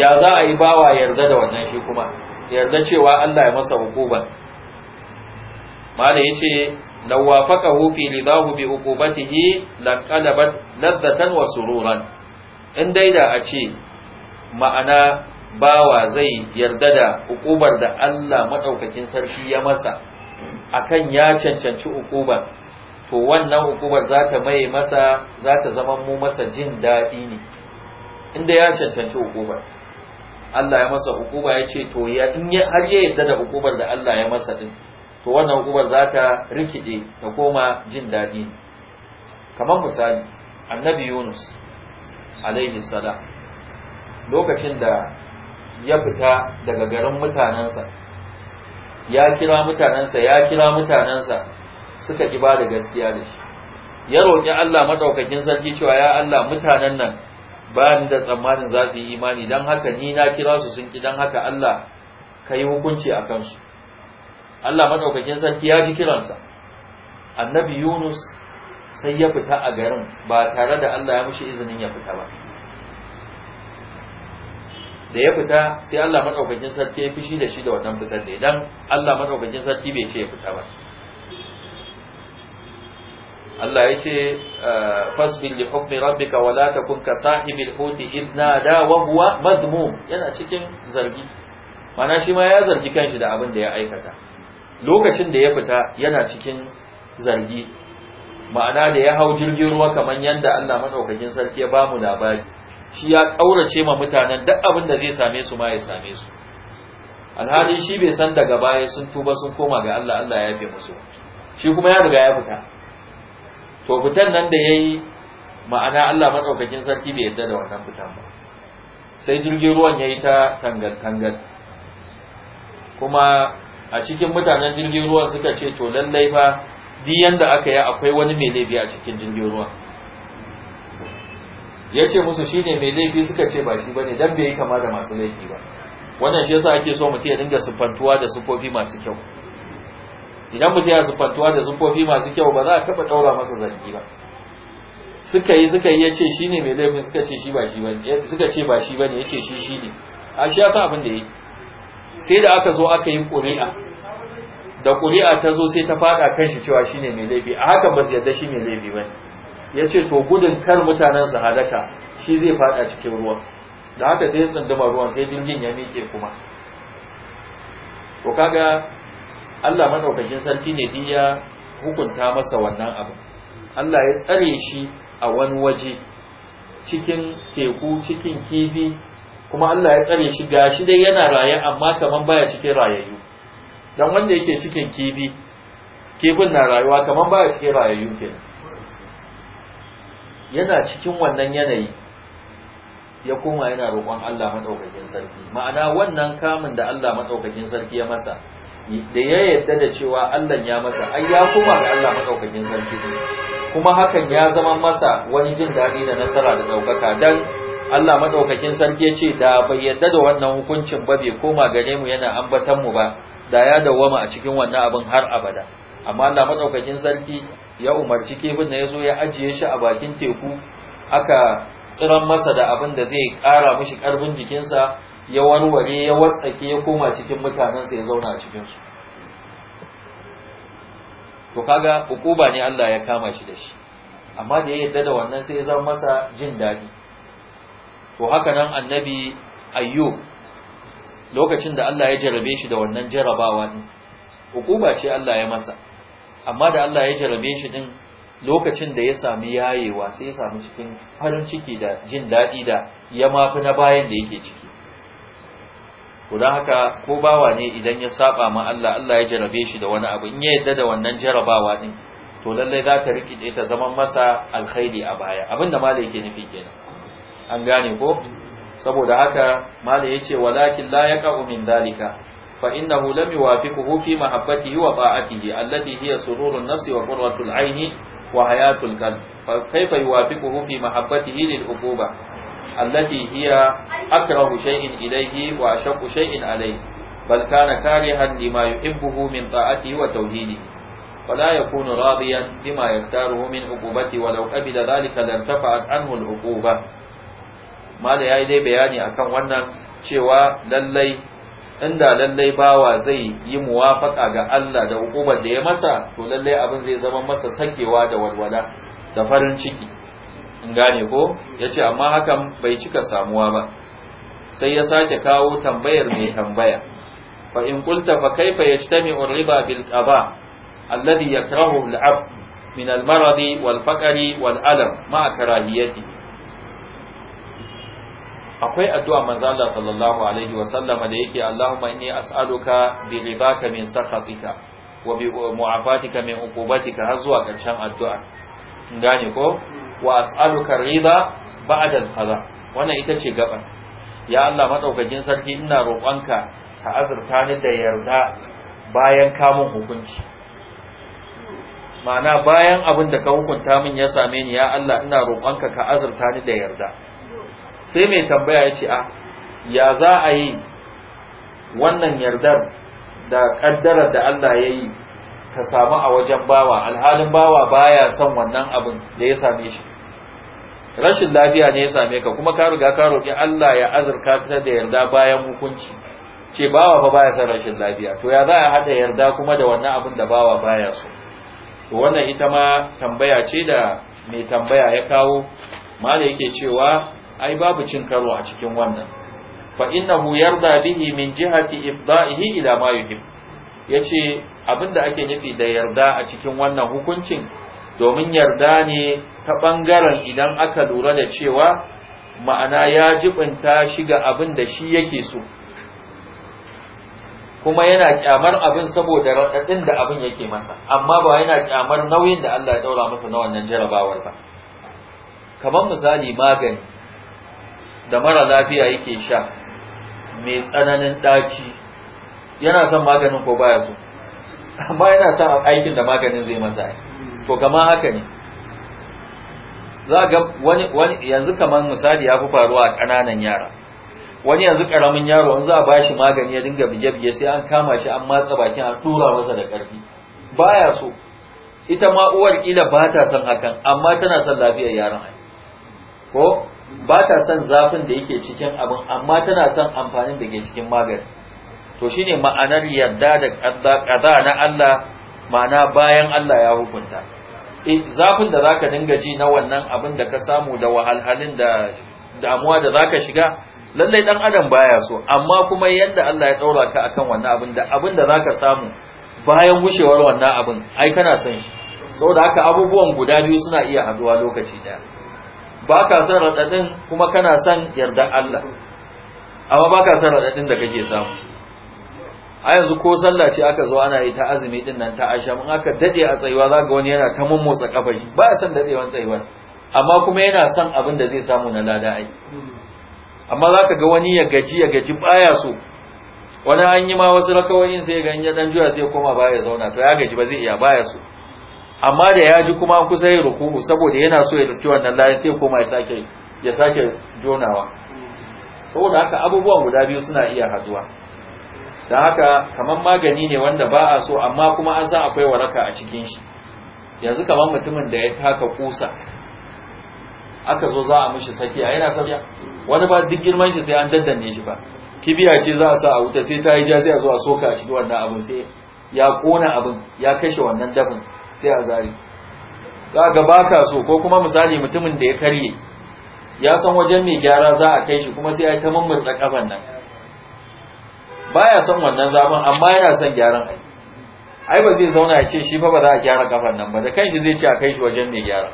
ya za a yi bawa yarda da wannan shi kuma yarda cewa Allah ya masa uquba mala yace lawafaqahu fi ridahu bi uqubatihi laqalabat ladatan wa sururan in dai da a ce ma'ana bawa zai yarda da ukubar da Allah madaukakin sarki ya masa akan ya cancanci ukubar to wannan ukubar za ta mai masa za ta zama mu masa jin daɗi ne inda ya cancanci ukubar Allah ya masa ukuba ya ce to ya in har ya yarda da ukubar da Allah ya masa din to wannan ukubar za ta rikide ta koma jin daɗi kamar misali annabi Yunus alaihi salam lokacin da ya fita daga garin mutanensa ya kira mutanensa ya kira mutanensa suka ki ba da gaskiya da shi ya roƙi Allah maɗaukakin sarki cewa ya Allah mutanen nan ba ni da tsammanin za su yi imani don haka ni na kira su sun ki don haka Allah ka yi hukunci a kansu Allah maɗaukakin sarki ya ji kiransa annabi Yunus sai ya fita a garin ba tare da Allah ya mushi izinin ya fita ba da ya fita sai Allah madaukakin sarki ya fishi da shi da wannan fitar da idan Allah madaukakin sarki bai ce ya fita ba Allah ya ce ah, fasbil li hukmi rabbika wala takun ka sahibil huti idna da wa huwa madmum yana cikin zargi mana shi ma ya zargi kanshi da abin da ya aikata lokacin da ya fita yana cikin zargi ma'ana da ya hau jirgin ruwa kamar yadda Allah madaukakin sarki ya bamu labari shi ya kaurace ma mutanen duk abin da zai same su ma ya same su alhali shi bai san daga baya sun tuba sun koma ga Allah Allah ya yafe musu shi kuma ya riga ya fita to fitan nan da yayi ma'ana Allah madaukakin sarki bai yarda da wannan fitan ba sai jirgin ruwan yayi ta tangal tangal kuma a cikin mutanen jirgin ruwan suka ce to lallai fa duk yanda aka yi akwai wani mai laifi a cikin jirgin ruwa ya ce musu shi ne mai laifi suka ce ba shi ba ne don bai yi kama da masu laifi ba wannan shi yasa ake so mutum ya dinga siffantuwa da siffofi masu kyau idan mutum ya siffantuwa da siffofi masu kyau ba za a taɓa ɗaura masa zargi ba suka yi suka yi ya ce shi ne mai laifin suka ce shi ba shi ba ne suka ce ba shi ba ne ya ce shi shi ne a shi yasa abin da ya yi sai da aka zo aka yi ƙuri'a da ƙuri'a ta zo sai ta faɗa kan shi cewa shine mai laifi a haka ba su yarda shi mai laifi ba ya ce to gudun kar mutanen su hadaka shi zai faɗa cikin ruwan da haka sai ya tsunduma ruwan sai jirgin ya miƙe kuma to kaga Allah madaukakin sarki ne din ya hukunta masa wannan abu Allah ya tsare shi a wani waje cikin teku cikin kifi kuma Allah ya tsare shi gashi dai yana raye amma kaman baya cikin rayayyu dan wanda yake cikin kibi, kifin na rayuwa kamar baya cikin rayayyu kenan yana cikin wannan yanayi ya koma yana roƙon Allah madaukakin sarki ma'ana wannan kamun da Allah madaukakin sarki ya masa da ya yadda da cewa Allah ya masa ai ya koma ga Allah madaukakin sarki kuma hakan ya zama masa wani jin daɗi da nasara da ɗaukaka dan Allah madaukakin sarki ya ce da bai yadda da wannan hukuncin ba bai koma gare mu yana ambatan mu ba da ya dawwama a cikin wannan abin har abada amma Allah madaukakin sarki ya umarci kifin da yazo ya ajiye shi a bakin teku aka tsiran masa da abin da zai ƙara mishi ƙarfin jikinsa ya warware ya watsake ya koma cikin mutanensa ya zauna a cikin su to kaga hukuba ne Allah ya kama shi da shi amma da ya yarda da wannan sai ya zama masa jin daɗi to haka nan annabi ayyub lokacin da Allah ya jarabe shi da wannan jarabawa din hukuma ce Allah ya masa amma da Allah ya jarabe shi ɗin lokacin da ya sami yayewa sai ya sami cikin farin ciki da jin daɗi da ya mafi na bayan da yake ciki ko don haka ko bawa ne idan ya saba ma Allah Allah ya jarabe shi da wani abu in ya yadda da wannan jarabawa din to lallai za ta rikide ta zaman masa alkhairi a baya abinda malai yake nufi kenan an gane ko saboda haka malai yace walakin la yaqa'u min dalika fa innahu lam yuwafiquhu fi mahabbatihi wa ta'atihi allati hiya sururun nafsi wa qurratul aini wa hayatul qalb fa kayfa yuwafiquhu fi mahabbatihi lil uquba allati hiya akrahu shay'in ilayhi wa ashaqqu shay'in alayhi bal kana karihan lima yuhibbuhu min ta'atihi wa tauhidihi فلا يكون راضيا بما يختاره من عقوبته ولو قبل ذلك لارتفعت عنه العقوبة mala yi dai bayani akan wannan cewa lallai inda lallai bawa zai yi muwafaka ga Allah da hukumar da ya masa to lallai abin zai zama masa sakewa da walwala da farin ciki in gane ko yace amma hakan bai cika samuwa ba sai ya sake kawo tambayar mai tambaya fa in qulta fa kaifa yajtami'u riba bil qaba alladhi yakrahu al-'abd min al-maradi wal faqri wal alam ma karahiyatihi akwai addu'a manzo Allah sallallahu alaihi wa sallama da yake Allahumma inni as'aluka bi ribaka min sakhatika wa bi mu'afatika min uqubatika har zuwa ƙarshen addu'a gane ko wa as'aluka rida ba'da al-qada wannan ita ce gaban ya Allah madaukakin sarki ina roƙonka ka azurta ni da yarda bayan kamun hukunci ma'ana bayan abin da ka hukunta min ya same ni ya Allah ina roƙonka ka azurta ni da yarda sai mai tambaya ya ce a ah, ya za a yi wannan yardar da ƙaddarar da Allah ya yi ka samu a wajen bawa alhalin bawa baya son wannan abin da ya same shi rashin lafiya ne ya same ka kuma ka riga ka roƙi Allah ya azurka ta da yarda bayan hukunci ce bawa fa baya son rashin lafiya to ya za a haɗa yarda kuma da wannan abin da bawa baya so to wannan ita ma tambaya ce da mai tambaya ya kawo mala yake cewa ai babu cin karo a cikin wannan fa innahu yarda bihi min jihati ifdahi ila ma yuhib yace abinda ake nufi da yarda a cikin wannan hukuncin domin yarda ne ta bangaren idan aka lura da cewa ma'ana ya jibinta shi ga abin da shi yake so kuma yana kyamar abin saboda raɗaɗin da abin yake masa amma ba yana kyamar nauyin da Allah ya daura masa na wannan jarabawar ba kamar misali magani da mara lafiya yake sha mai tsananin ɗaci yana son maganin ko baya so amma yana son aikin da maganin zai masa to kama haka ne za ga wani yanzu kamar misali ya fi faruwa a ƙananan yara wani yanzu ƙaramin yaro in za a bashi magani ya dinga bige-bige sai an kama shi an matsa bakin an tura masa da karfi baya so ita ma uwar kila ba ta son hakan amma tana son lafiyar yaron ko ba ta son zafin da yake cikin abin amma tana son amfanin da ke cikin magani to shine ma'anar yarda da kaza na Allah ma'ana bayan Allah ya hukunta e, zafin da zaka dinga ji na wannan abin da ka samu da wahalhalin da damuwa da zaka shiga lallai dan adam baya so amma kuma yadda Allah ya daura ka akan wannan abin da abin da zaka samu bayan gushewar wannan abin ai kana son shi saboda haka abubuwan guda biyu suna iya haduwa lokaci daya ba ka son raɗaɗin kuma kana son yardan Allah amma ba ka son raɗaɗin da kake samu a yanzu ko sallah ce aka zo ana yi ta azumi din nan ta asha mun aka dade a tsayuwa za ga wani yana ta mummotsa kafa shi ba ya son dadewan tsayuwa amma kuma yana son abin da zai samu na lada ai amma za ka ga wani ya gaji ya gaji baya so wani an yi ma wasu rakawoyin sai ga ya dan juya sai koma baya zauna to ya gaji ba zai iya baya so amma da ya ji kuma kusa yin ruku'u saboda yana so ya riski wannan layin sai koma ya sake ya sake jonawa saboda haka abubuwan guda biyu suna iya haduwa don haka kamar magani ne wanda ba a so amma kuma an san akwai waraka a cikin shi yanzu kamar mutumin da ya taka kusa aka zo za a mishi sakiya yana sabiya wani ba duk girman shi sai an daddanne shi ba kibiya ce za a sa a wuta sai ta yi ja sai a zo a soka a cikin wannan abin sai ya kona abin ya kashe wannan dafin sai a zari za ga baka so ko kuma misali mutumin da ya karye ya san wajen mai gyara za a kai shi kuma sai ya ta mummurta kafan nan baya son wannan zaman amma yana son gyaran ai ai ba zai zauna ya ce shi fa ba za a gyara kafan nan ba da kanshi zai ce a kai shi wajen mai gyara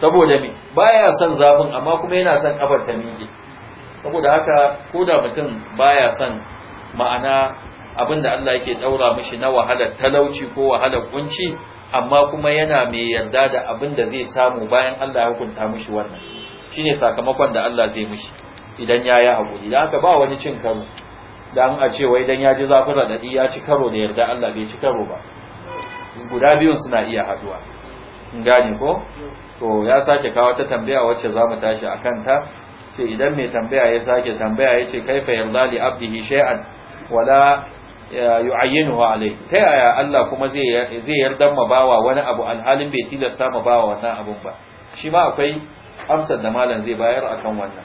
saboda me baya san zafin amma kuma yana san kafar ta miƙe saboda haka ko da mutum baya son ma'ana abin da Allah yake ɗaura mishi na wahalar talauci ko wahalar kunci amma kuma yana mai yarda da abin da zai samu bayan Allah ya hukunta mushi wannan shine sakamakon da Allah zai mushi idan ya yi haƙuri da haka ba wani cin karo don a a cewa idan ya ji zafin raɗaɗi ya ci karo da yarda Allah bai ci karo ba guda biyun suna iya haɗuwa gane ko to ya sake kawo ta tambaya wacce za mu tashi a kanta ce idan mai tambaya ya sake tambaya ya ce kaifa yarda li abdihi shay'an wala yu'ayyinuhu alayhi ta yaya Allah kuma zai zai yarda ma bawa wani abu alhalin bai tilasta ma bawa abu abu ba shi ma akwai amsar da malam zai bayar akan wannan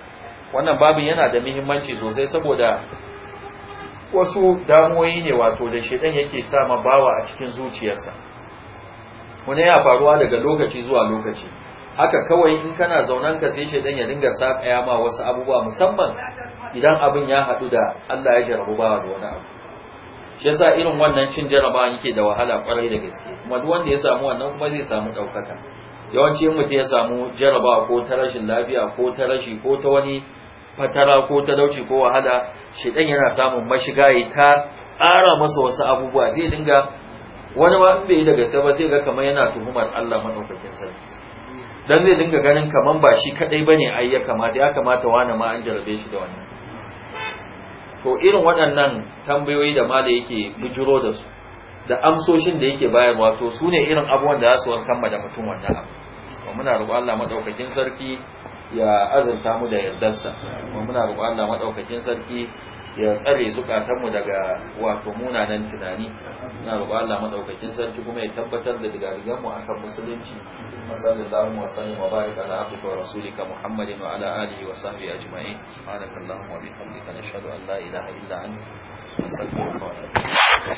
wannan babin yana da muhimmanci sosai saboda wasu damuwoyi ne wato da shedan yake sa ma bawa a cikin zuciyarsa wani ya faruwa daga lokaci zuwa lokaci haka kawai in kana zaunan ka sai shedan ya dinga sa ma wasu abubuwa musamman idan abin ya haɗu da Allah ya jarabu bawa da wani abu shi yasa irin wannan cin jarabawa yake da wahala kwarai da gaske kuma duk wanda ya samu wannan kuma zai samu ɗaukaka yawanci in mutum ya samu jarabawa ko ta rashin lafiya ko ta rashi ko ta wani fatara ko ta talauci ko wahala shi dan yana samun mashiga ya ta ƙara masa wasu abubuwa zai dinga wani ba in bai da gaske ba zai ga kamar yana tuhumar Allah madaukakin sarki dan zai dinga ganin kamar ba shi kadai bane ai ya kamata ya kamata wani ma an jarabe shi da wannan to irin waɗannan tambayoyi da mala yake bujuro da su da amsoshin da yake bayarwa to su ne irin abubuwan da za su warkar da mutum wannan abu muna roƙon Allah madaukakin sarki ya azurta mu da yardarsa Wa muna roƙon Allah madaukakin sarki ya tsare zukatanmu daga wato munanan tunani na roƙo Allah madaukakin sarki kuma ya tabbatar da digadigan mu akan musulunci da wa sallam wa barika ala abdika wa rasulika muhammadin wa ala alihi wa sahbihi ajma'in subhanakallahumma wa bihamdika nashhadu an la ilaha illa anta nastaghfiruka wa natubu